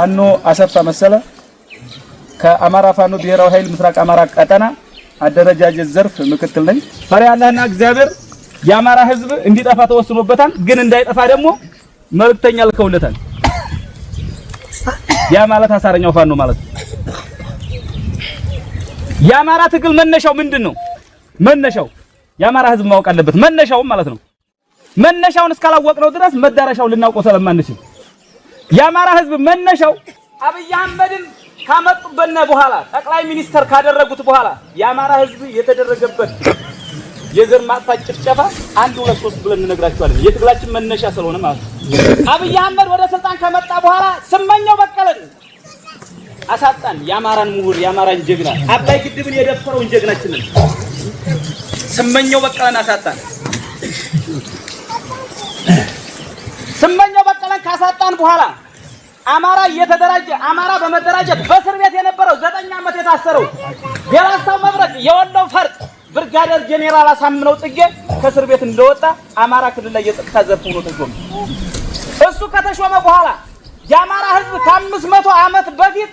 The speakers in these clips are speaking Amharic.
ፋኖ አሰፋ መሰለ ከአማራ ፋኖ ብሔራዊ ኃይል ምስራቅ አማራ ቀጠና አደረጃጀት ዘርፍ ምክትል ነኝ። ፈሪ ያለህና እግዚአብሔር የአማራ ሕዝብ እንዲጠፋ ተወስኖበታል። ግን እንዳይጠፋ ደግሞ መልእክተኛ ልከውለታል። ያ ማለት አሳረኛው ፋኖ ማለት ነው። የአማራ ትግል መነሻው ምንድን ነው? መነሻው የአማራ ሕዝብ ማወቅ አለበት። መነሻውም ማለት ነው። መነሻውን እስካላወቅነው ድረስ መዳረሻውን ልናውቀው ስለማንችል የአማራ ህዝብ መነሻው አብይ አህመድን ካመጡበነ በኋላ ጠቅላይ ሚኒስተር ካደረጉት በኋላ የአማራ ህዝብ የተደረገበት የዘር ማጥፋት ጭፍጨፋ አንድ ሁለት ሶስት ብለን እንነግራቸዋለን። የትግላችን መነሻ ስለሆነ ማለት ነው። አብይ አህመድ ወደ ስልጣን ከመጣ በኋላ ስመኛው በቀለን አሳጣን። የአማራን ምሁር፣ የአማራን ጀግና፣ አባይ ግድብን የደፈረውን ጀግናችንን ስመኛው በቀለን አሳጣን። ስመኛው በቀለን ካሳጣን በኋላ አማራ እየተደራጀ አማራ በመደራጀት በእስር ቤት የነበረው ዘጠኝ ዓመት የታሰረው የራሳው መብረቅ የወለው ፈርጥ ብርጋደር ጄኔራል አሳምነው ጽጌ ከእስር ቤት እንደወጣ አማራ ክልል ላይ የጸጥታ ዘርፍ ሆኖ ተሾመ። እሱ ከተሾመ በኋላ የአማራ ህዝብ ከአምስት መቶ ዓመት በፊት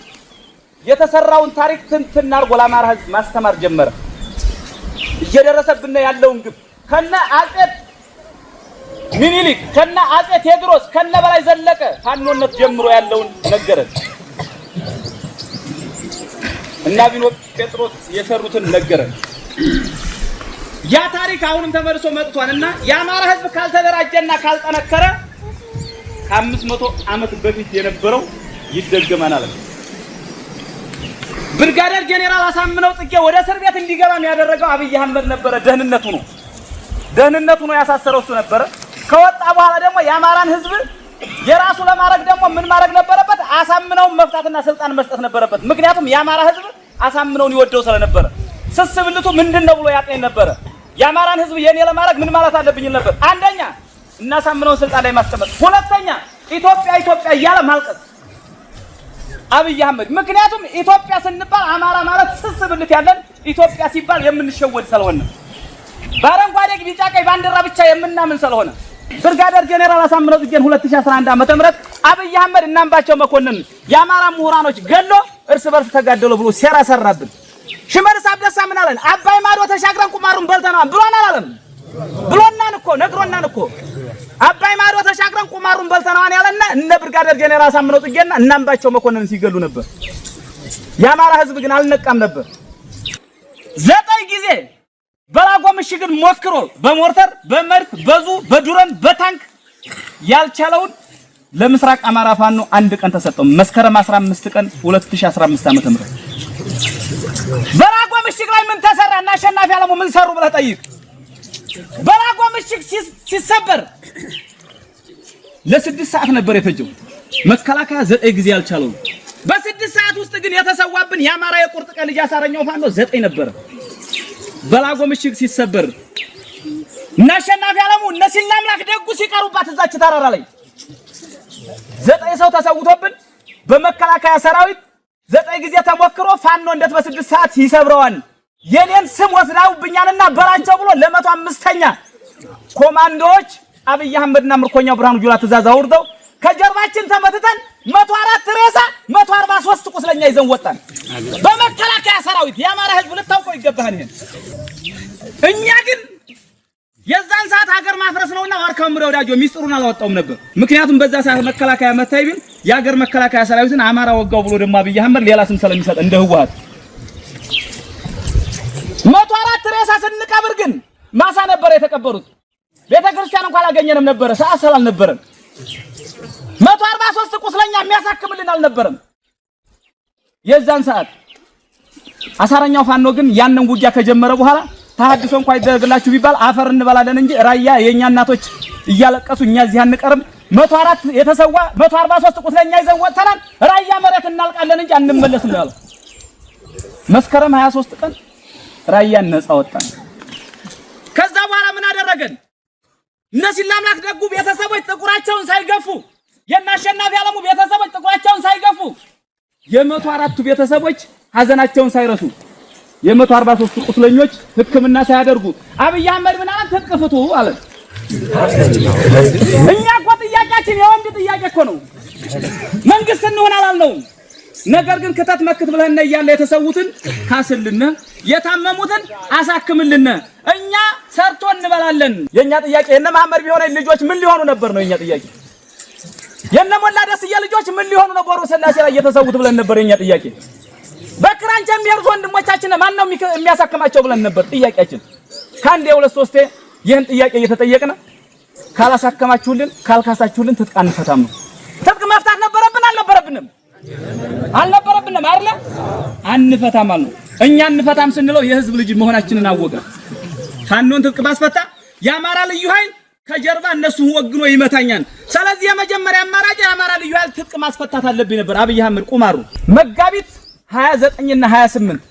የተሰራውን ታሪክ ትንትን አድርጎ ለአማራ ህዝብ ማስተማር ጀመረ። እየደረሰብን ያለውን ግብ ከነ አጼ ምኒልክ ከነ አጼ ቴዎድሮስ ከነ በላይ ዘለቀ ፋኖነት ጀምሮ ያለውን ነገረን እና ቢኖ ጴጥሮስ የሰሩትን ነገረን። ያ ታሪክ አሁንም ተመልሶ መጥቷል እና የአማራ ህዝብ ካልተደራጀና ካልጠነከረ ከአምስት መቶ ዓመት በፊት የነበረው ይደገመናል። ብርጋደር ጄኔራል አሳምነው ጽጌ ወደ እስር ቤት እንዲገባም ያደረገው አብይ አህመድ ነበረ። ደህንነቱ ነው ደህንነቱ ነው ያሳሰረው እሱ ነበረ። ከወጣ በኋላ ደግሞ የአማራን ህዝብ የራሱ ለማድረግ ደግሞ ምን ማድረግ ነበረበት? አሳምነውን መፍታትና ስልጣን መስጠት ነበረበት። ምክንያቱም የአማራ ህዝብ አሳምነውን ይወደው ስለነበረ ስስብልቱ ምንድን ነው ብሎ ያጠኝ ነበረ። የአማራን ህዝብ የኔ ለማድረግ ምን ማለት አለብኝ ነበር። አንደኛ እናሳምነውን ስልጣን ላይ ማስቀመጥ፣ ሁለተኛ ኢትዮጵያ ኢትዮጵያ እያለ ማልቀስ አብይ አህመድ። ምክንያቱም ኢትዮጵያ ስንባል አማራ ማለት ስስብልት ያለን ኢትዮጵያ ሲባል የምንሸወድ ስለሆነ በአረንጓዴ ቢጫ ቀይ ባንዲራ ብቻ የምናምን ስለሆነ ብርጋደር ጄኔራል አሳምነው ጽጌን 2011 ዓ.ም አብይ አህመድ እናምባቸው መኮንን የአማራ ምሁራኖች ገሎ እርስ በርስ ተጋደሉ ብሎ ሴራ ሰራብን። ሽመልስ አብደሳ ምን አለን? አባይ ማዶ ተሻግረን ቁማሩን በልተናል ብሎን አለን። ብሎናን እኮ ነግሮናን እኮ አባይ ማዶ ተሻግረን ቁማሩን በልተናል ያለና እነ ብርጋደር ጄኔራል አሳምነው ጽጌና እናምባቸው መኮንን ሲገሉ ነበር። የአማራ ህዝብ ግን አልነቃም ነበር ዘጠኝ ጊዜ በላጎ ምሽግን ሞክሮ በሞርተር በመድፍ በዙ በዱረም በታንክ ያልቻለውን ለምስራቅ አማራ ፋኖ አንድ ቀን ተሰጠው። መስከረም 15 ቀን 2015 ዓ.ም በላጎ ምሽግ ላይ ምን ተሰራ እና አሸናፊ አለሙ ምን ሰሩ ብለህ ጠይቅ። በላጎ ምሽግ ሲሰበር ለስድስት ሰዓት ነበር የፈጀው። መከላከያ ዘጠኝ ጊዜ ያልቻለው በስድስት ሰዓት ውስጥ ግን የተሰዋብን የአማራ የቁርጥ ቀን ልጅ አሳረኛው ፋኖ ዘጠኝ ነበረ። በላጎ ምሽግ ሲሰበር እና አሸናፊ አለሙ እነ ሲና አምላክ ደጉ ሲቀሩባት እዛች ተራራ ላይ ዘጠኝ ሰው ተሰውቶብን በመከላከያ ሰራዊት ዘጠኝ ጊዜ ተሞክሮ ፋኖ እንደት በስድስት ሰዓት ይሰብረዋል። የኔን ስም ወስዳውብኛልና በላቸው ብሎ ለመቶ አምስተኛ ኮማንዶዎች አብይ አህመድና ምርኮኛው ብርሃኑ ጁላ ትእዛዝ አውርደው ከጀርባችን ተመትተን መቶ አራት ሬሳ መቶ አርባ ሶስት ቁስለኛ ይዘን ወጣን በመከላከያ ሰራዊት። የአማራ ህዝብ ልታውቀው ይገባሃል ይሄን። እኛ ግን የዛን ሰዓት ሀገር ማፍረስ ነውና ዋርካውን ምሪ ወዳጆ ሚስጥሩን አላወጣውም ነበር። ምክንያቱም በዛ ሰዓት መከላከያ መታይ ቢል የሀገር መከላከያ ሰራዊትን አማራ ወጋው ብሎ ደግሞ አብይ አህመድ ሌላ ስም ስለሚሰጥ እንደ ህወሓት መቶ አራት ሬሳ ስንቀብር ግን ማሳ ነበረ የተቀበሩት። ቤተክርስቲያን እንኳን አላገኘንም ነበረ ሰዓት ስላልነበረን መቶ አርባ ሶስት ቁስለኛ የሚያሳክምልን አልነበረም። የዛን ሰዓት አሳረኛው ፋኖ ግን ያንን ውጊያ ከጀመረ በኋላ ተሐድሶ እንኳ ይደረግላችሁ ቢባል አፈር እንበላለን እንጂ ራያ የኛ እናቶች እያለቀሱ እኛ እዚህ አንቀርም። 104 የተሰዋ 143 ቁስለኛ ይዘን ወጥተናል። ራያ መሬት እናልቃለን እንጂ አንመለስም ያለው መስከረም 23 ቀን ራያን ነፃ ወጣን። ከዛ በኋላ ምን አደረገን? እነሲህ ለአምላክ ደጉ ቤተሰቦች ጥቁራቸውን ሳይገፉ የናሸናፊ ዓለሙ ቤተሰቦች ጥቁራቸውን ሳይገፉ የመቶ አራቱ ቤተሰቦች ሀዘናቸውን ሳይረሱ የመቶ አርባ ሦስቱ ቁስለኞች ሕክምና ሳያደርጉ አብይ አህመድ ምን አለ? ትጥቅ ፍቱ አለ። እኛ እኮ ጥያቄያችን የወንድ ጥያቄ እኮ ነው። መንግስት እንሆን አላለውም። ነገር ግን ክተት መክት ብለህነ እያለ የተሰዉትን ካስልነ፣ የታመሙትን አሳክምልነ፣ እኛ ሰርቶ እንበላለን። የእኛ ጥያቄ የነ መሐመድ ቢሆነ ልጆች ምን ሊሆኑ ነበር ነው የእኛ ጥያቄ። የነሞላ ሞላ ደስዬ ልጆች ምን ሊሆኑ ነው በወሮ ስላሴ ላይ እየተሰዉት ብለን ነበር። የኛ ጥያቄ በክራንች የሚያርዙ ወንድሞቻችን ማን ነው የሚያሳክማቸው ብለን ነበር ጥያቄያችን። ከአንዴ ሁለት ሶስቴ ይህን ጥያቄ እየተጠየቅን ካላሳከማችሁልን፣ ካልካሳችሁልን ትጥቅ አንፈታም ነው። ትጥቅ መፍታት ነበረብን አልነበረብንም? አልነበረብንም አይደለ? አንፈታም አሉ። እኛ አንፈታም ስንለው የህዝብ ልጅ መሆናችንን አወቀ። ፋኖን ትጥቅ ማስፈታ የአማራ ልዩ ኃይል ከጀርባ እነሱ ወግኖ ይመታኛል። ስለዚህ የመጀመሪያ አማራጭ የአማራ ልዩ ኃይል ትጥቅ ማስፈታት አለብኝ ነበር አብይ አህመድ ቁማሩ። መጋቢት 29 እና 28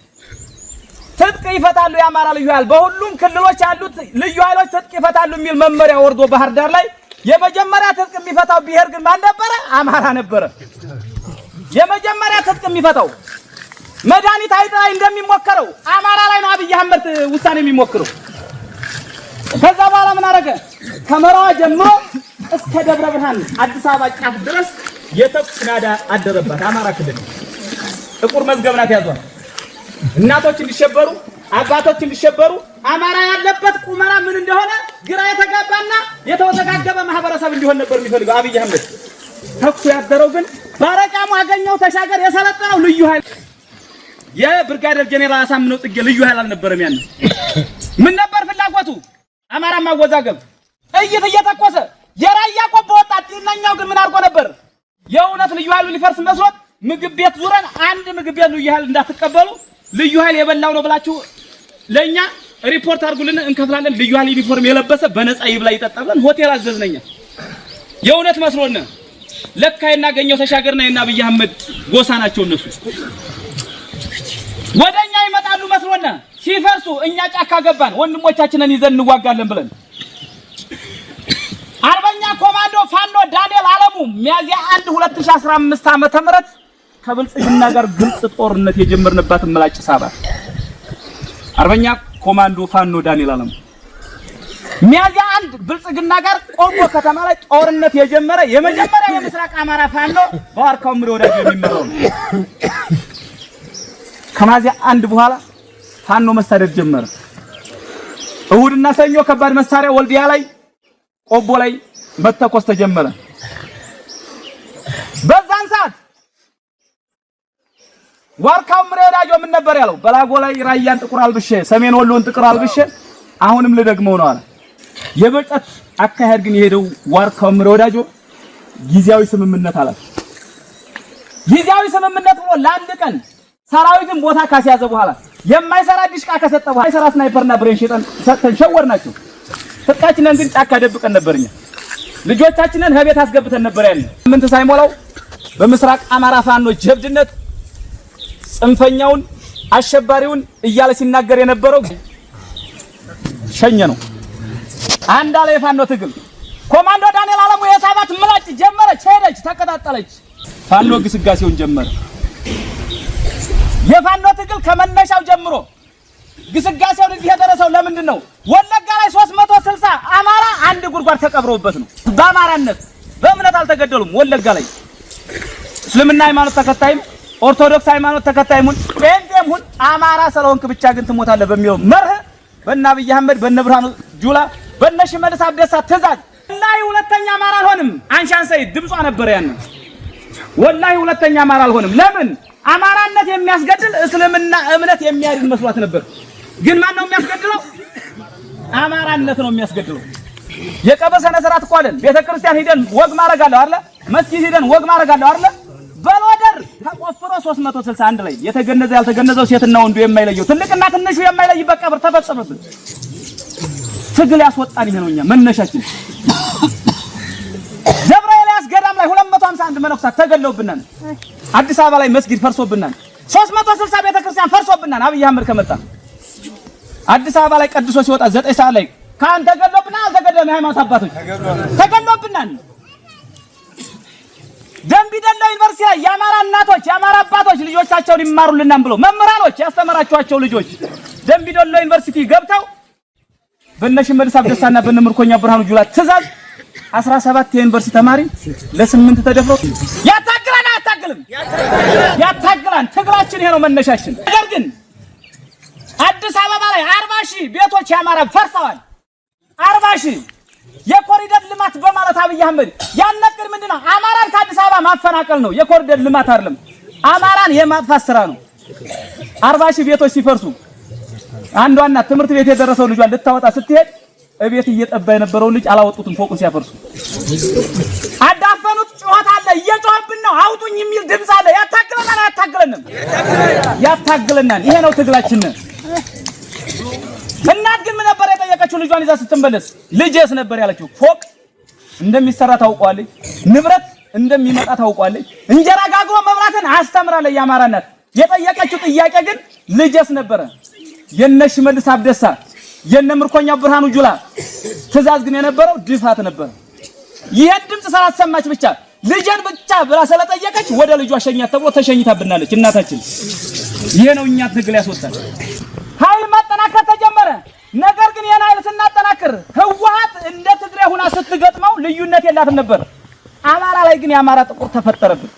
ትጥቅ ይፈታሉ የአማራ ልዩ ኃይል በሁሉም ክልሎች ያሉት ልዩ ኃይሎች ትጥቅ ይፈታሉ የሚል መመሪያ ወርዶ ባህር ዳር ላይ የመጀመሪያ ትጥቅ የሚፈታው ብሔር ግን ማን ነበረ? አማራ ነበረ። የመጀመሪያ ትጥቅ የሚፈታው መድኃኒት አይጥ ላይ እንደሚሞከረው አማራ ላይ ነው አብይ አህመድ ውሳኔ የሚሞክረው። ከዛ በኋላ ምን አደረገ? ከመራዋ ጀምሮ እስከ ደብረ ብርሃን አዲስ አበባ ጫፍ ድረስ የተኩስ ናዳ አደረባት። አማራ ክልል ጥቁር መዝገብ ናት ያዟል። እናቶች እንዲሸበሩ፣ አባቶች እንዲሸበሩ፣ አማራ ያለበት ቁመና ምን እንደሆነ ግራ የተጋባና የተወዘጋገበ ማህበረሰብ እንዲሆን ነበር የሚፈልገው አብይ አህመድ። ተኩሱ ያደረው ግን ባረቃሙ አገኘው ተሻገር የሰለጠነው ልዩ ኃይል የብርጋደር ጄኔራል አሳምነው ጽጌ ልዩ ኃይል አልነበረም። ያን ምን ነበር ፍላጎቱ? አማራ ማወዛገብ ጥይት እየተኮሰ የራያ ቆቦ ወጣት ዝነኛው ግን ምን አድርጎ ነበር? የእውነት ልዩ ኃይሉ ሊፈርስ መስሎት ምግብ ቤት ዙረን አንድ ምግብ ቤት ልዩ ኃይል እንዳትቀበሉ ልዩ ኃይል የበላው ነው ብላችሁ ለኛ ሪፖርት አድርጉልን እንከፍላለን። ልዩ ኃይል ዩኒፎርም የለበሰ በነፃ ይብላ ይጠጣ ሆቴል አዘዝነኛ። የእውነት መስሎን ለካ የናገኘው ተሻገርና የና አብይ አህመድ ጎሳ ናቸው እነሱ ወደኛ ይመጣሉ መስሎን ሲፈርሱ እኛ ጫካ ገባን፣ ወንድሞቻችንን ይዘን እንዋጋለን ብለን አርበኛ ኮማንዶ ፋኖ ዳንኤል አለሙ ሚያዚያ 1 2015 ዓመተ ምህረት ከብልጽግና ጋር ግልጽ ጦርነት የጀመርንባትን መላጭ ሳባ አርበኛ ኮማንዶ ፋኖ ዳንኤል አለሙ ሚያዚያ 1 ብልጽግና ጋር ቆቦ ከተማ ላይ ጦርነት የጀመረ የመጀመሪያ የምስራቅ አማራ ፋኖ በዋርካው ምሪ ወዳጅ የሚመራው ነው። ከማዚያ 1 በኋላ ፋኖ መሳደድ ጀመረ። እሁድና ሰኞ ከባድ መሳሪያ ወልዲያ ላይ፣ ቆቦ ላይ መተኮስ ተጀመረ። በዛን ሰዓት ዋርካው ምሬ ወዳጆ ምን ነበር ያለው? በላጎ ላይ ራያን ጥቁር አልብሼ ሰሜን ወሎን ጥቁር አልብሼ አሁንም ልደግመው ነው አለ። የበጨት አካሄድ ግን የሄደው ዋርካው ምሬ ወዳጆ ጊዜያዊ ስምምነት አላት። ጊዜያዊ ስምምነት ብሎ ለአንድ ቀን ሰራዊትን ቦታ ካስያዘ በኋላ የማይሰራ ዲሽቃ ከሰጠ በኋላ የማይሰራ ስናይፐርና ብሬን ሸጠን ሰጥተን ሸወር ናቸው። ፍቃችንን ግን ጫካ ደብቀን ነበርኛ ልጆቻችንን ከቤት አስገብተን ነበር። ያለ ምንት ሳይሞላው በምስራቅ አማራ ፋኖ ጀብድነት ጽንፈኛውን አሸባሪውን እያለ ሲናገር የነበረው ሸኘ ነው። አንድ አለ የፋኖ ትግል ኮማንዶ ዳንኤል አለሙ የሳባት ምላጭ ጀመረች፣ ሄደች፣ ተቀጣጠለች። ፋኖ ግስጋሴውን ጀመረ። የፋኖ ትግል ከመነሻው ጀምሮ ግስጋሴውን እንዲህ የደረሰው ለምንድን ነው? ወለጋ ላይ 360 አማራ አንድ ጉድጓድ ተቀብረውበት ነው። በአማራነት በእምነት አልተገደሉም። ወለጋ ላይ እስልምና ሃይማኖት ተከታይም ኦርቶዶክስ ሃይማኖት ተከታይም ሁን ጴንጤም ሁን አማራ ስለሆንክ ብቻ ግን ትሞታለህ በሚለው መርህ በእነ አብይ አህመድ በእነ ብርሃኑ ጁላ በእነ ሽመልስ አብደሳ ትእዛዝ ወላሂ ሁለተኛ አማራ አልሆንም። አንሻን ሰይድ ድምጿ ነበር ያንን ወላሂ ሁለተኛ አማራ አልሆንም። ለምን አማራነት የሚያስገድል እስልምና እምነት የሚያድን መስሏት ነበር። ግን ማን ነው የሚያስገድለው? አማራነት ነው የሚያስገድለው። የቀበ ሰነ ስርዓት እኮ አለን። ቤተ ክርስቲያን ሂደን ወግ ማድረግ አይደለ? መስጊድ ሂደን ወግ ማድረግ አለው አይደለ? በሎደር ተቆፍሮ 361 ላይ የተገነዘ ያልተገነዘው ሴትና ወንዱ የማይለየው ትልቅና ትንሹ የማይለይበት ቀብር ተፈጸመብን። ትግል ያስወጣን ይሄ ነው እኛ መነሻችን ጀብራኤል ኤልያስ ላይ 251 መነኩሳት ተገለውብናል። አዲስ አበባ ላይ መስጊድ ፈርሶብናል። 360 ቤተ ክርስቲያን ፈርሶብናል። አብይ አህመድ ከመጣ አዲስ አበባ ላይ ቀድሶ ሲወጣ 9 ሰዓት ላይ ካን ተገለውብናል። አልተገደለም። የሃይማኖት አባቶች ተገለውብናል። ደምቢ ዶሎ ዩኒቨርሲቲ ላይ የአማራ እናቶች የአማራ አባቶች ልጆቻቸውን ይማሩልናም ብሎ መምህራኖች ያስተማራቸዋቸው ልጆች ደምቢ ዶሎ ዩኒቨርሲቲ ገብተው በእነ ሽመልስ አብዲሳና በእነ ብርሃኑ ጁላ ትእዛዝ 17 የዩኒቨርሲቲ ተማሪ ለስምንት ተደፍሮ ያታግላል አያታግልም? ያታግላን። ትግላችን ይሄ ነው መነሻችን። ነገር ግን አዲስ አበባ ላይ 40 ሺህ ቤቶች ያማራ ፈርሰዋል። 40 ሺህ የኮሪደር ልማት በማለት አብይ አህመድ ያነቅድ ምንድን አማራን ከአዲስ አበባ ማፈናቀል ነው። የኮሪደር ልማት አይደለም፣ አማራን የማጥፋት ስራ ነው። 40 ሺህ ቤቶች ሲፈርሱ አንዷና ትምህርት ቤት የደረሰው ልጇን ልታወጣ ስትሄድ እቤት እየጠባ የነበረው ልጅ አላወጡትም። ፎቁን ሲያፈርሱ አዳፈኑት። ጩኸት አለ፣ እየጮኸብን ነው አውጡኝ የሚል ድምፅ አለ። ያታግለናል፣ አያታግለንም? ያታግለናል። ይሄ ነው ትግላችን። እናት ግን ምን ነበር የጠየቀችው ልጇን ይዛ ስትመለስ? ልጄስ ነበር ያለችው። ፎቅ እንደሚሰራ ታውቋለች፣ ንብረት እንደሚመጣ ታውቋለች። እንጀራ ጋግሮ መብራትን አስተምራለች። የአማራ እናት የጠየቀችው ጥያቄ ግን ልጄስ ነበረ የነሽ መልስ አብደሳ የነ ምርኮኛ ብርሃኑ ጁላ ትእዛዝ ግን የነበረው ድፋት ነበረ። ይሄን ድምፅ ስላሰማች ብቻ ልጄን ብቻ ብላ ስለጠየቀች ወደ ልጇ ሸኛት ተብሎ ተሸኝታብናለች እናታችን። ይሄ ነው እኛ ትግል ያስወጣል። ኃይል ማጠናከር ተጀመረ። ነገር ግን ይሄን ኃይል ስናጠናክር ህወሓት እንደ ትግሬ ሁና ስትገጥመው ልዩነት የላትም ነበር። አማራ ላይ ግን የአማራ ጥቁር ተፈጠረብን።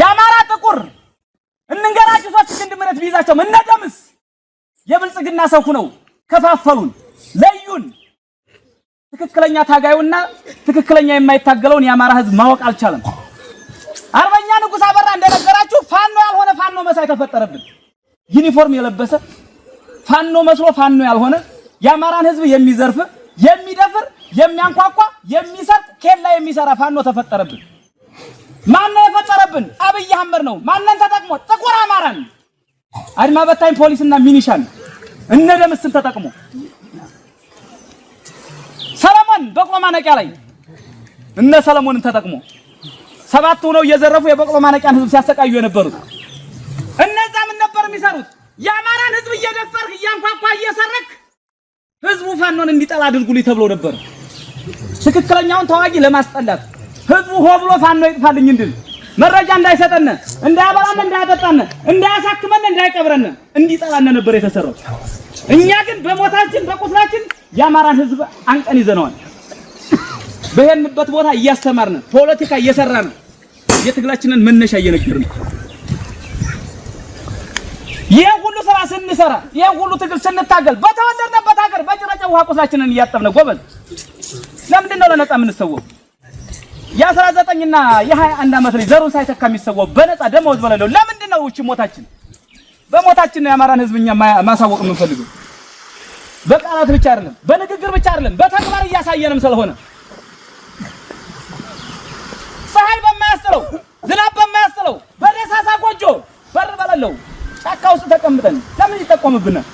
የአማራ ጥቁር እንንገራችሁ ሶስት ክንድ መሬት ቢይዛቸውም እነ ደምስ የብልጽግና ሰው ሆነው ከፋፈሉን፣ ለዩን። ትክክለኛ ታጋዩና ትክክለኛ የማይታገለውን የአማራ ህዝብ ማወቅ አልቻለም። አርበኛ ንጉስ አበራ እንደነገራችሁ ፋኖ ያልሆነ ፋኖ መሳይ ተፈጠረብን። ዩኒፎርም የለበሰ ፋኖ መስሎ ፋኖ ያልሆነ የአማራን ህዝብ የሚዘርፍ የሚደፍር፣ የሚያንኳኳ፣ የሚሰርቅ ኬላ የሚሰራ ፋኖ ተፈጠረብን። ማን ነው የፈጠረብን? አብይ አህመድ ነው። ማንን ተጠቅሞ? ጥቁር አማራን አድማ በታኝ ፖሊስና ሚኒሻን እነ ደምስን ተጠቅሞ ሰለሞን በቅሎ ማነቂያ ላይ እነ ሰለሞንን ተጠቅሞ ሰባት ሆነው እየዘረፉ የበቅሎ ማነቂያን ህዝብ ሲያሰቃዩ የነበሩት እነዛ ምን ነበር የሚሰሩት? የአማራን ህዝብ እየደፈርክ እያንኳኳ እየሰረክ ህዝቡ ፋኖን እንዲጠላ አድርጉልኝ ተብሎ ነበር። ትክክለኛውን ተዋጊ ለማስጠላት ህዝቡ ሆ ብሎ ፋኖ ይጥፋልኝ እንድል መረጃ እንዳይሰጠን እንዳያበላን፣ እንዳያጠጣን፣ እንዳያሳክመን፣ እንዳይቀብረን እንዲጠላን ነበር የተሰራው። እኛ ግን በሞታችን በቁስላችን የአማራን ህዝብ አንቀን ይዘነዋል። በሄንበት ቦታ እያስተማርን ፖለቲካ እየሰራን የትግላችንን መነሻ እየነገርን ይህ ሁሉ ስራ ስንሰራ ይህ ሁሉ ትግል ስንታገል በተወለድንበት ሀገር በጭረጨ ውሃ ቁስላችንን እያጠብነ ጎበዝ፣ ለምንድን ነው ለነጻ የምንሰወው? የአስራ ዘጠኝና የሀያ አንድ ዓመት ልጅ ዘሩን ሳይተካ የሚሰዋው በነፃ ደመወዝ በሌለው ለምንድን ነው እቺ ሞታችን? በሞታችን ነው የአማራን ህዝብ እኛ ማሳወቅ የምንፈልገው። በቃላት ብቻ አይደለም፣ በንግግር ብቻ አይደለም፣ በተግባር እያሳየንም ስለሆነ ፀሐይ በማያስጥለው ዝናብ በማያስጥለው በደሳሳ ጎጆ በር በሌለው ጫካ ውስጥ ተቀምጠን ለምን ይጠቆምብናል?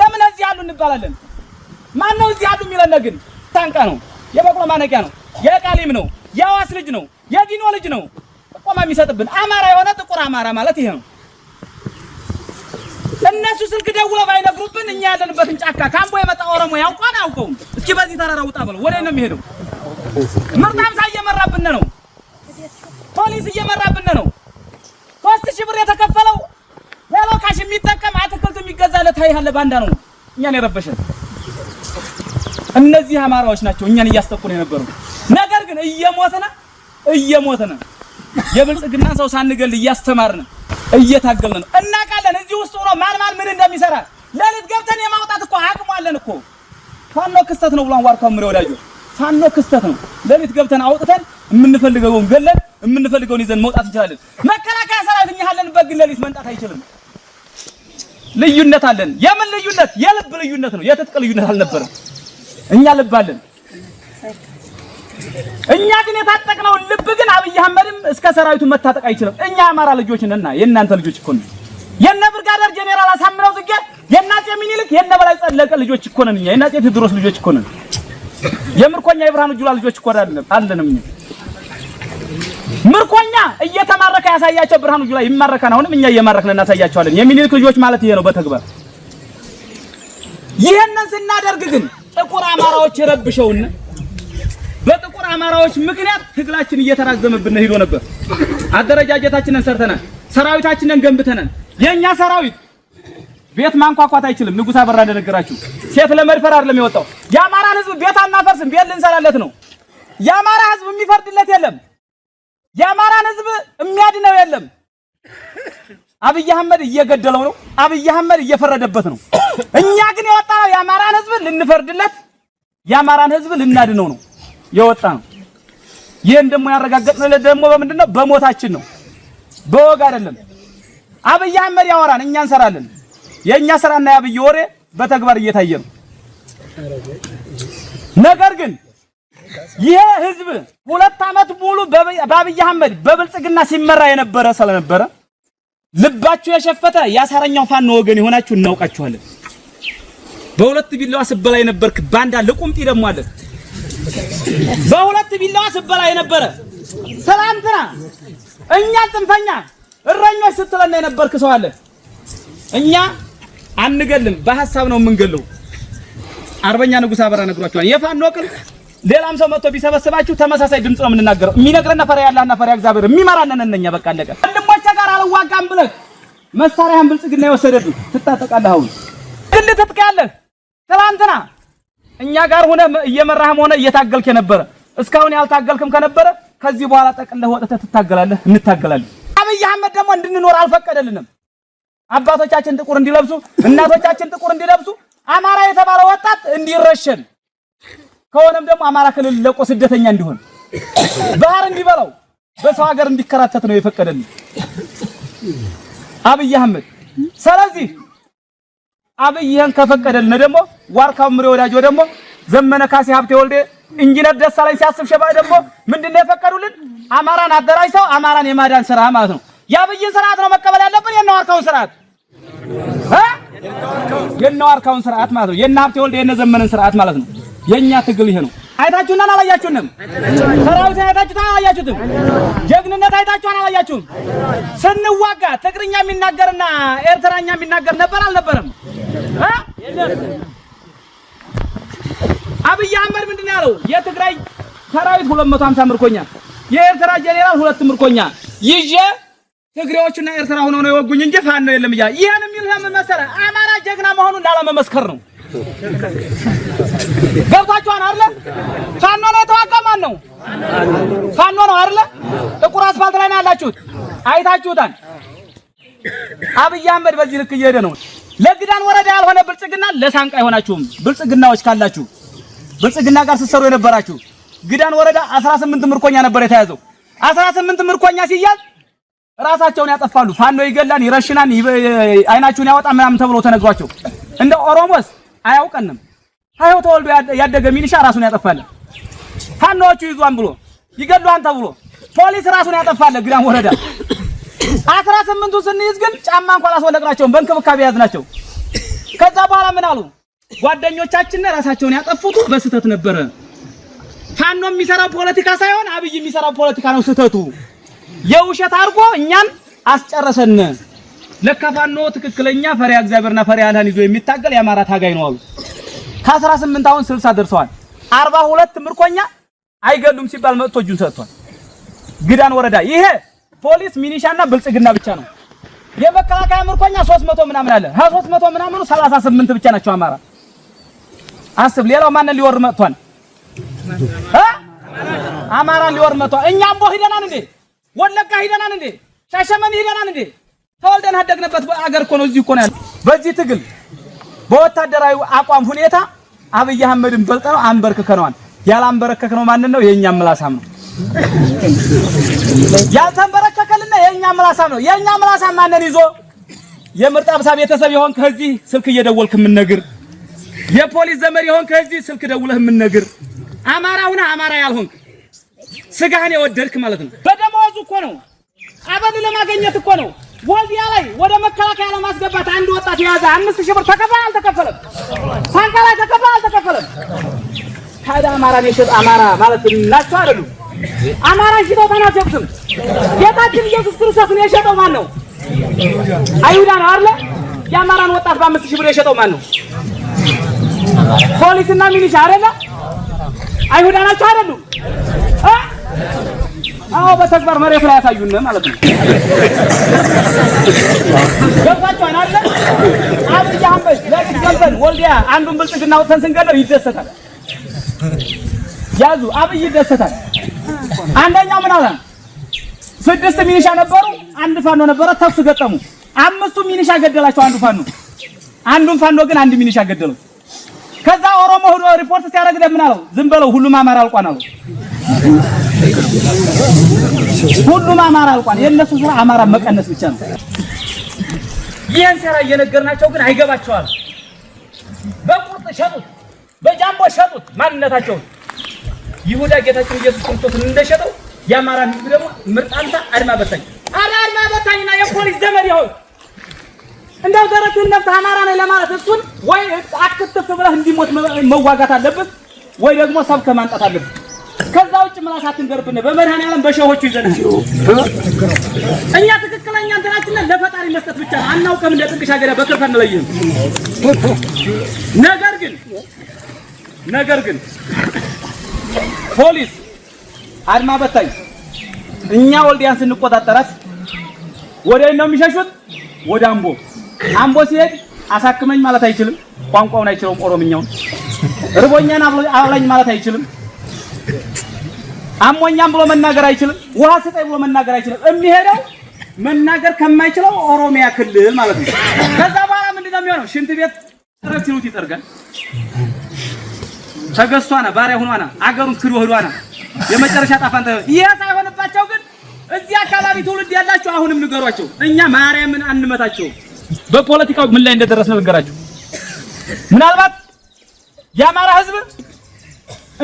ለምን እዚህ ያሉ እንባላለን? ማን ነው እዚህ ያሉ የሚለን? ግን ታንቃ ነው የበቅሎ ማነቂያ ነው። የቃሊም ነው፣ የአዋስ ልጅ ነው፣ የዲኖ ልጅ ነው። ጥቆማ የሚሰጥብን አማራ የሆነ ጥቁር አማራ ማለት ይሄ ነው። እነሱ ስልክ ደውለው ባይነግሩብን እኛ ያለንበትን ጫካ ካምቦ የመጣ ኦሮሞ ያውቋን አያውቀውም። እስኪ በዚህ ተራራ ውጣ ብለው ወደ ነው የሚሄደው። ምርጣም ሳ እየመራብን ነው። ፖሊስ እየመራብን ነው። ሶስት ሺህ ብር የተከፈለው ለሎካሽ የሚጠቀም አትክልት የሚገዛ ሀይ ያለ ባንዳ ነው እኛን የረበሸን። እነዚህ አማራዎች ናቸው እኛን እያስጠቁን የነበሩ። ነገር ግን እየሞትን እየሞትን የብልጽግና ሰው ሳንገል እያስተማርን እየታገልን እናውቃለን። እዚህ ውስጥ ሆኖ ማን ማን ምን እንደሚሰራ ለሊት ገብተን የማውጣት እኮ አቅም አለን እኮ። ፋኖ ክስተት ነው ብሏን ዋርካው ምሬ ወዳጆ ፋኖ ክስተት ነው። ለሊት ገብተን አውጥተን የምንፈልገውን ገለን የምንፈልገውን ይዘን መውጣት እንችላለን። መከላከያ ሰራዊት እኛ ያለንበት ግን ለሊት መንጣት አይችልም። ልዩነት አለን። የምን ልዩነት? የልብ ልዩነት ነው። የትጥቅ ልዩነት አልነበረም። እኛ ልብ አለን። እኛ ግን የታጠቅነው ልብ ግን አብይ አህመድም እስከ ሰራዊቱ መታጠቅ አይችልም። እኛ አማራ ልጆች ነንና የእናንተ ልጆች እኮ ነን። የነ ብርጋደር ጄኔራል አሳምነው ጽጌ፣ የነ አፄ ምኒልክ፣ የነ በላይ ጸለቀ ልጆች እኮ ነን። እኛ የነ አፄ ቴዎድሮስ ልጆች እኮ ነን። የምርኮኛ የብርሃኑ ጁላ ልጆች እኮ አይደለም አለንም። እኛ ምርኮኛ እየተማረከ ያሳያቸው ብርሃኑ ጁላ ይማረካን። አሁንም እኛ እየማረክን እናሳያቸዋለን። የሚኒልክ ልጆች ማለት ይሄ ነው በተግባር ይሄንን ስናደርግ ግን ጥቁር አማራዎች ይረብሸውና አማራዎች ምክንያት ትግላችን እየተራዘመብን ሄዶ ነበር። አደረጃጀታችንን ሰርተናል፣ ሰራዊታችንን ገንብተናል። የኛ ሰራዊት ቤት ማንኳኳት አይችልም። ንጉሥ አበራ እንደነገራችሁ ሴት ለመድፈር አይደለም የወጣው። የአማራን ህዝብ ቤት አናፈርስም፣ ቤት ልንሰራለት ነው። የአማራ ህዝብ የሚፈርድለት የለም። የአማራን ህዝብ የሚያድነው የለም። አብይ አህመድ እየገደለው ነው። አብይ አህመድ እየፈረደበት ነው። እኛ ግን የወጣነው የአማራን ህዝብ ልንፈርድለት፣ የአማራን ህዝብ ልናድነው ነው። የወጣ ነው። ይህን ደግሞ ያረጋገጥነው ደግሞ በምንድን ነው? በሞታችን ነው፣ በወግ አይደለም። አብይ አህመድ ያወራን፣ እኛ እንሰራለን። የእኛ ስራና የአብይ ወሬ በተግባር እየታየ ነው። ነገር ግን ይሄ ህዝብ ሁለት ዓመት ሙሉ በአብይ አህመድ በብልጽግና ሲመራ የነበረ ስለነበረ ልባችሁ የሸፈተ የአሳረኛው ፋኖ ወገን የሆናችሁ እናውቃችኋለን። በሁለት ቢላዋ ስበላ የነበርክ ባንዳ ልቁምጥ ደግሞ አለ። በሁለት ቢላዋ ስበላ የነበረ ትናንትና እኛ ጽንፈኛ እረኞች ስትለና የነበርክ ሰው አለ። እኛ አንገልም፣ በሀሳብ ነው የምንገለው። አርበኛ ንጉሥ አበራ ነግሯቸዋል። የፋኖ ቅል ሌላም ሰው መጥቶ ቢሰበስባችሁ ተመሳሳይ ድምፅ ነው የምንናገረው። የሚነግረን ፈሪሃ ያላህና ፈሪሃ እግዚአብሔር የሚመራነን እነኛ። በቃ አለቀ። ወንድሞቼ ጋር አልዋጋም ብለህ መሳሪያህን ብልጽግና የወሰደብህ ትታጠቃለህ። አሁን ግን ትጥቅ ያለህ ትናንትና እኛ ጋር ሆነ እየመራህም ሆነ እየታገልክ የነበረ እስካሁን ያልታገልክም ከነበረ ከዚህ በኋላ ጠቅልለህ ወጥተህ ትታገላለህ፣ እንታገላለን። አብይ አህመድ ደግሞ እንድንኖር አልፈቀደልንም። አባቶቻችን ጥቁር እንዲለብሱ፣ እናቶቻችን ጥቁር እንዲለብሱ፣ አማራ የተባለ ወጣት እንዲረሸን ከሆነም ደግሞ አማራ ክልል ለቆ ስደተኛ እንዲሆን ባህር እንዲበላው በሰው ሀገር እንዲከራተት ነው የፈቀደልን አብይ አህመድ። ስለዚህ አብይ ይሄን ከፈቀደልን ደግሞ ዋርካው ምሬ ወዳጆ ደግሞ ዘመነ ካሴ ሀብቴ ወልዴ ኢንጂነር ደሳለኝ ሲያስብ ሸባ ደግሞ ምንድነው የፈቀዱልን? አማራን አደራጅተው አማራን የማዳን ስራ ማለት ነው። የአብይን ስርዓት ነው መቀበል ያለብን። የነዋርካውን ስርዓት የነ የነዋርካውን ስርዓት ማለት ነው። የነ ሀብቴ ወልዴ የነ ዘመነን ስርዓት ማለት ነው። የኛ ትግል ይሄ ነው። አይታችሁናን አላያችሁንም? ሰራዊትን አይታችሁታን አላያችሁትም? ጀግንነት አይታችኋን አላያችሁም? ስንዋጋ ትግርኛ የሚናገርና ኤርትራኛ የሚናገር ነበር አልነበረም? አብይ አህመድ ምንድን ነው ያለው? የትግራይ ሰራዊት 250 ምርኮኛ፣ የኤርትራ ጄኔራል ሁለት ምርኮኛ ይዤ ትግሬዎቹና ኤርትራ ሆኖ ነው የወጉኝ እንጂ ፋኖ የለም እያለ ይሄን የሚል ለምን መሰለህ? አማራ ጀግና መሆኑን ላለመመስከር ነው። ገብታችኋን አይደለ? ፋኖ ነው የተዋጋ ማን ነው? ፋኖ ነው አይደለ? ጥቁር አስፋልት ላይ ነው ያላችሁት፣ አይታችሁታል። አብይ አህመድ በዚህ ልክ እየሄደ ነው። ለግዳን ወረዳ ያልሆነ ብልጽግና ለሳንቃ አይሆናችሁም። ብልጽግናዎች ካላችሁ ብልጽግና ጋር ስትሰሩ የነበራችሁ ግዳን ወረዳ 18 ምርኮኛ ነበር የተያዘው። 18 ምርኮኛ ሲያዝ ራሳቸውን ያጠፋሉ። ፋኖ ይገላን፣ ይረሽናን፣ አይናችሁን ያወጣ ምናምን ተብሎ ተነግሯቸው እንደ ኦሮሞስ አያውቀንም ታየው ተወልዶ ያደገ ሚኒሻ ራሱን ያጠፋለ። ፋኖቹ ይዟን ብሎ ይገድሏን ተብሎ ፖሊስ ራሱን ያጠፋለ። ግዳም ወረዳ አስራ ስምንቱ ስንይዝ ግን ጫማ እንኳን አስወለቅናቸውም፣ በእንክብካቤ ያዝናቸው። ከዛ በኋላ ምን አሉ? ጓደኞቻችን ራሳቸውን ያጠፉት በስህተት ነበረ። ፋኖ የሚሰራው ፖለቲካ ሳይሆን አብይ የሚሰራው ፖለቲካ ነው ስህተቱ። የውሸት አድርጎ እኛን አስጨረሰን። ለካ ፋኖ ትክክለኛ ፈሪያ እግዚአብሔርና ፈሪያ አላህን ይዞ የሚታገል የአማራ ታጋይ ነው አሉ። ከአስራ ስምንት አሁን ስልሳ ደርሰዋል። አርባ ሁለት ምርኮኛ አይገሉም ሲባል መጥቶ እጁን ሰጥቷል። ግዳን ወረዳ ይሄ ፖሊስ ሚኒሻና ብልጽግና ብቻ ነው። የመከላከያ ምርኮኛ ሶስት ምናምን አለ። ከሶስት ምናምኑ ሰላሳ ብቻ ናቸው። አማራ አስብ። ሌላው ማንን ሊወር መጥቷል? አማራ ሊወር መጥቷል። እኛ አምቦ ሂደናን እንዴ? ወለጋ ሂደናን እንዴ? ሻሸመኔ ሂደናን እንዴ? ተወልደን አደግንበት አገር እኮ ነው። እዚህ እኮ ነው ያለው። በዚህ ትግል በወታደራዊ አቋም ሁኔታ አብይ አህመድን በልጠነው ነው አንበርክከነዋል። ያላንበረከክነው ማንን ነው? የኛ ምላሳም ነው ያልተንበረከከልና የኛ ምላሳም ነው። የኛ ምላሳም ማንን ይዞ የምርጥ አብሳ ቤተሰብ የሆን ከዚህ ስልክ እየደወልክ የምነግር የፖሊስ ዘመድ ይሆን ከዚህ ስልክ ደውለህ የምነግር አማራ ሁነ አማራ ያልሆንክ ስጋህን የወደድክ ማለት ነው። በደመወዙ እኮ ነው አበል ለማገኘት እኮ ነው ወልዲያ ላይ ወደ መከላከያ ለማስገባት አንድ ወጣት የያዘ አምስት ሺህ ብር ተከፈለ አልተከፈለም? ሳንካ ላይ ተከፈለ አልተከፈለም? ታዲያ አማራን የሸጠ አማራ ማለት ናቸው አማራ አማራን ሽጠው ተናሸጡትም። ጌታችን ኢየሱስ ክርስቶስን የሸጠው ማን ነው? አይሁዳ ነው አይደለ? የአማራን ወጣት በአምስት ሺህ ብር የሸጠው ማን ነው? ፖሊስና ሚሊሻ አይደለ? አይሁዳ ናቸው አይደሉ። አዎ በተግባር መሬት ላይ ያሳዩን ማለት ነው። አለ አብይ አህመድ ለቅት ወልዲያ አንዱን ብልጽግና ወተን ስንገለብ ይደሰታል። ያዙ አብይ ይደሰታል። አንደኛው ምን አለ? ስድስት ሚኒሻ ነበሩ፣ አንድ ፋኖ ነበረ። ተኩስ ገጠሙ። አምስቱ ሚኒሻ ገደላቸው አንዱ ፋኖ፣ አንዱን ፋኖ ግን አንድ ሚኒሻ ገደለው። ከዛ ኦሮሞ ሪፖርት ሲያደርግ ለምን አለው? ዝም በለው ሁሉም አማራ አልቋን አለው። ሁሉም አማራ አልቋል። የእነሱ ስራ አማራ መቀነስ ብቻ ነው። ይህን ስራ እየነገርናቸው ግን አይገባቸዋል። በቁርጥ ሸጡት፣ በጃምቦ ሸጡት ማንነታቸውን። ይሁዳ ጌታችን ኢየሱስ ክርስቶስን እንደሸጠው የአማራ ሕዝብ ደግሞ ምርጥ አድማ በታኝ አላ አድማ በታኝና የፖሊስ ዘመድ ይሆን እንደው ዘረትን ነፍስ አማራ ነኝ ለማለት እሱን ወይ አክትፍ ብለህ እንዲሞት መዋጋት አለብህ፣ ወይ ደግሞ ሰብከህ ማንጣት አለብህ። ከዛ ውጭ ምላሳትን ደርብነ በመድኃኒዓለም በሸሆቹ ይዘን እኛ ትክክለኛ እንትናችንን ለፈጣሪ መስጠት ብቻ ነው። አናውቅም እንደ ጥንቅሽ ገዳ በቅርብ አንለይም። ነገር ግን ነገር ግን ፖሊስ አድማ በታኝ እኛ ወልዲያን ስንቆጣጠራት ወደ ነው የሚሸሹት ወደ አምቦ አምቦ ሲሄድ አሳክመኝ ማለት አይችልም። ቋንቋውን አይችለውም። ኦሮምኛውን ርቦኛን አብላኝ ማለት አይችልም። አሞኛም ብሎ መናገር አይችልም። ውሃ ስጠኝ ብሎ መናገር አይችልም። የሚሄደው መናገር ከማይችለው ኦሮሚያ ክልል ማለት ነው። ከዛ በኋላ ምንድን ነው የሚሆነው? ሽንት ቤት ጥረት ሲሉት ይጠርጋል። ተገሷና ባሪያ ሆኗና አገሩን ክዶ ሄዷና የመጨረሻ ጣፋንታ ይሄ ሳይሆንባቸው ግን እዚህ አካባቢ ትውልድ ያላቸው አሁንም ንገሯቸው። እኛ ማርያምን አንመታቸው። በፖለቲካው ምን ላይ እንደደረስን ንገራቸው። ምናልባት የአማራ ህዝብ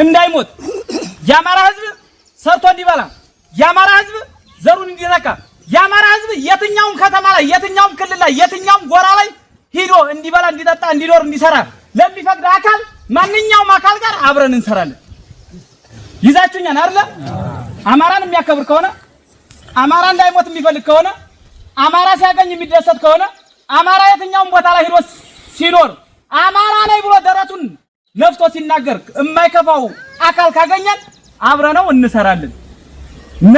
እንዳይሞት የአማራ ህዝብ ሰርቶ እንዲበላ የአማራ ህዝብ ዘሩን እንዲነካ የአማራ ህዝብ የትኛውም ከተማ ላይ የትኛውም ክልል ላይ የትኛውም ጎራ ላይ ሂዶ እንዲበላ እንዲጠጣ እንዲኖር እንዲሰራ ለሚፈቅድ አካል ማንኛውም አካል ጋር አብረን እንሰራለን። ይዛችሁኛል አይደለ? አማራን የሚያከብር ከሆነ አማራ እንዳይሞት የሚፈልግ ከሆነ አማራ ሲያገኝ የሚደሰት ከሆነ አማራ የትኛውም ቦታ ላይ ሂዶ ሲኖር አማራ ላይ ብሎ ደረቱን ለፍቶ ሲናገር የማይከፋው አካል ካገኘን አብረነው እንሰራለን።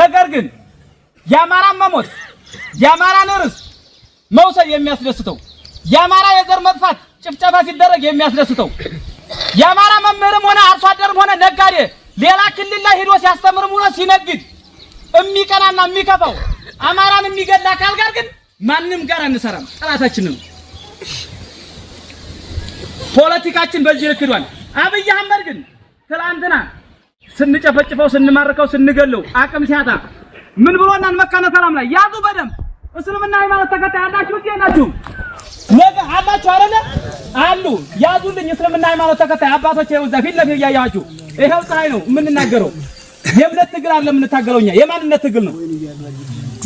ነገር ግን የአማራን መሞት የአማራን ርስ መውሰድ የሚያስደስተው የአማራ የዘር መጥፋት ጭፍጨፋ ሲደረግ የሚያስደስተው የአማራ መምህርም ሆነ አርሶ አደርም ሆነ ነጋዴ ሌላ ክልል ላይ ሄዶ ሲያስተምርም ሆነ ሲነግድ እሚቀናና የሚከፋው አማራን የሚገድል አካል ጋር ግን ማንም ጋር አንሰራም። ጥላታችንም ፖለቲካችን በዚህ ልክዷል። አብይ አህመድ ግን ትላንትና ስንጨፈጭፈው፣ ስንማርከው፣ ስንገለው አቅም ሲያጣ ምን ብሎናል? መካነ ሰላም ላይ ያዙ በደንብ እስልምና ሃይማኖት ተከታይ አላችሁ እንዴ ናችሁ? ነገ አላችሁ አይደለ? አሉ ያዙልኝ። እስልምና ሃይማኖት ተከታይ አባቶች ይኸው እዛ ፊት ለፊት እያያችሁ ይኸው ፀሐይ ነው የምንናገረው። የእምነት ትግል አለ የምንታገለው እኛ የማንነት ትግል ነው።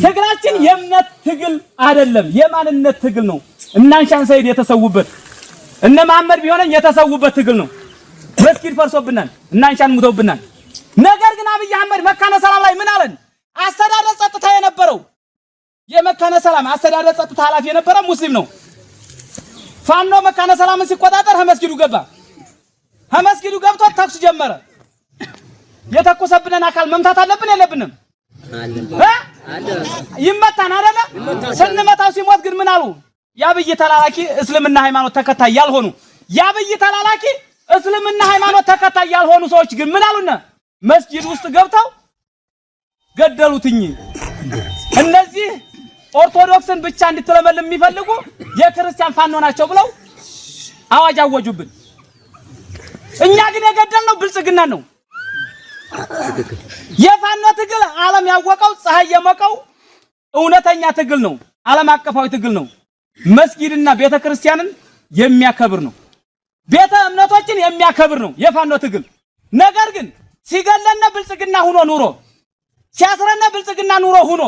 ትግላችን የእምነት ትግል አይደለም፣ የማንነት ትግል ነው። እናንሻን አንሻን ሰይድ የተሰዉበት እነ መሐመድ ቢሆነን የተሰዉበት ትግል ነው። መስጊድ ፈርሶብናል፣ እናንሻን አንሻን ሙተውብናል። ነገር ግን አብይ አህመድ መካነ ሰላም ላይ ምን አለን? አስተዳደር ጸጥታ የነበረው የመካነ ሰላም አስተዳደር ጸጥታ ኃላፊ የነበረ ሙስሊም ነው። ፋኖ መካነ ሰላምን ሲቆጣጠር ከመስጊዱ ገባ። ከመስጊዱ ገብቶ ተኩስ ጀመረ። የተኮሰብንን አካል መምታት አለብን የለብንም? ይመታን አይደለ? ስንመታው ሲሞት ግን ምን አሉ? የአብይ ተላላኪ እስልምና ሃይማኖት ተከታይ ያልሆኑ የአብይ ተላላኪ እስልምና ሃይማኖት ተከታይ ያልሆኑ ሰዎች ግን ምን አሉና መስጂድ ውስጥ ገብተው ገደሉትኝ። እነዚህ ኦርቶዶክስን ብቻ እንድትለመልም የሚፈልጉ የክርስቲያን ፋኖ ናቸው ብለው አዋጅ አወጁብን። እኛ ግን የገደልነው ብልጽግና ነው። የፋኖ ትግል ዓለም ያወቀው ፀሐይ የሞቀው እውነተኛ ትግል ነው። ዓለም አቀፋዊ ትግል ነው። መስጊድና ቤተ ክርስቲያንን የሚያከብር ነው። ቤተ እምነቶችን የሚያከብር ነው የፋኖ ትግል ነገር ግን ሲገለነ ብልጽግና ሁኖ ኑሮ ሲያስረነ ብልጽግና ኑሮ ሁኖ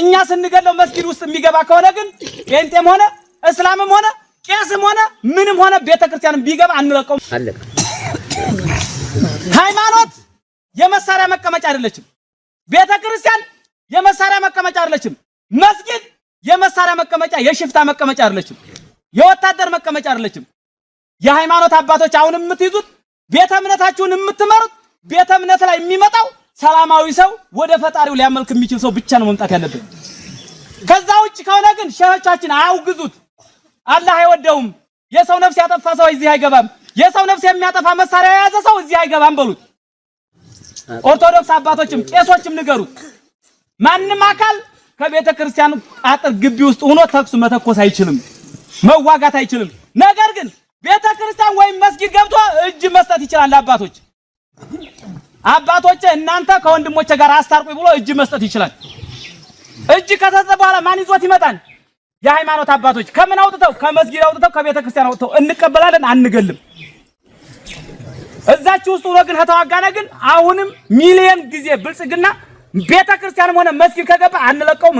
እኛ ስንገለው መስጊድ ውስጥ የሚገባ ከሆነ ግን ጴንጤም ሆነ እስላምም ሆነ ቄስም ሆነ ምንም ሆነ ቤተክርስቲያንም ቢገባ አንለቀውም። ሃይማኖት የመሳሪያ መቀመጫ አይደለችም። ቤተክርስቲያን የመሳሪያ መቀመጫ አይደለችም። መስጊድ የመሳሪያ መቀመጫ፣ የሽፍታ መቀመጫ አይደለችም። የወታደር መቀመጫ አይደለችም። የሃይማኖት አባቶች አሁን የምትይዙት ቤተ እምነታችሁን የምትመሩት ቤተ እምነት ላይ የሚመጣው ሰላማዊ ሰው ወደ ፈጣሪው ሊያመልክ የሚችል ሰው ብቻ ነው መምጣት ያለብን። ከዛ ውጭ ከሆነ ግን ሸሆቻችን አያውግዙት። አላህ አይወደውም። የሰው ነፍስ ያጠፋ ሰው እዚህ አይገባም፣ የሰው ነፍስ የሚያጠፋ መሳሪያ የያዘ ሰው እዚህ አይገባም በሉት። ኦርቶዶክስ አባቶችም ቄሶችም ንገሩት። ማንም አካል ከቤተ ክርስቲያን አጥር ግቢ ውስጥ ሆኖ ተኩስ መተኮስ አይችልም፣ መዋጋት አይችልም። ነገር ግን ቤተ ክርስቲያን ወይም መስጊድ ገብቶ እጅ መስጠት ይችላል ለአባቶች። አባቶቼ እናንተ ከወንድሞቼ ጋር አስታርቁኝ ብሎ እጅ መስጠት ይችላል። እጅ ከሰጠ በኋላ ማን ይዞት ይመጣል? የሃይማኖት አባቶች ከምን አውጥተው ከመስጊድ አውጥተው ከቤተ ክርስቲያን አውጥተው እንቀበላለን፣ አንገልም። እዛች ውስጥ ሆኖ ግን ከተዋጋነ ግን አሁንም ሚሊየን ጊዜ ብልጽግና ቤተ ክርስቲያንም ሆነ መስጊድ ከገባ አንለቀውም።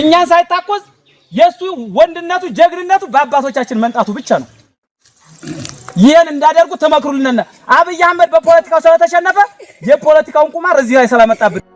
እኛን ሳይታቆዝ የእሱ ወንድነቱ ጀግንነቱ በአባቶቻችን መንጣቱ ብቻ ነው። ይህን እንዳደርጉ ትመክሩልንና አብይ አህመድ በፖለቲካው ስለተሸነፈ የፖለቲካውን ቁማር እዚህ ላይ ስላመጣብን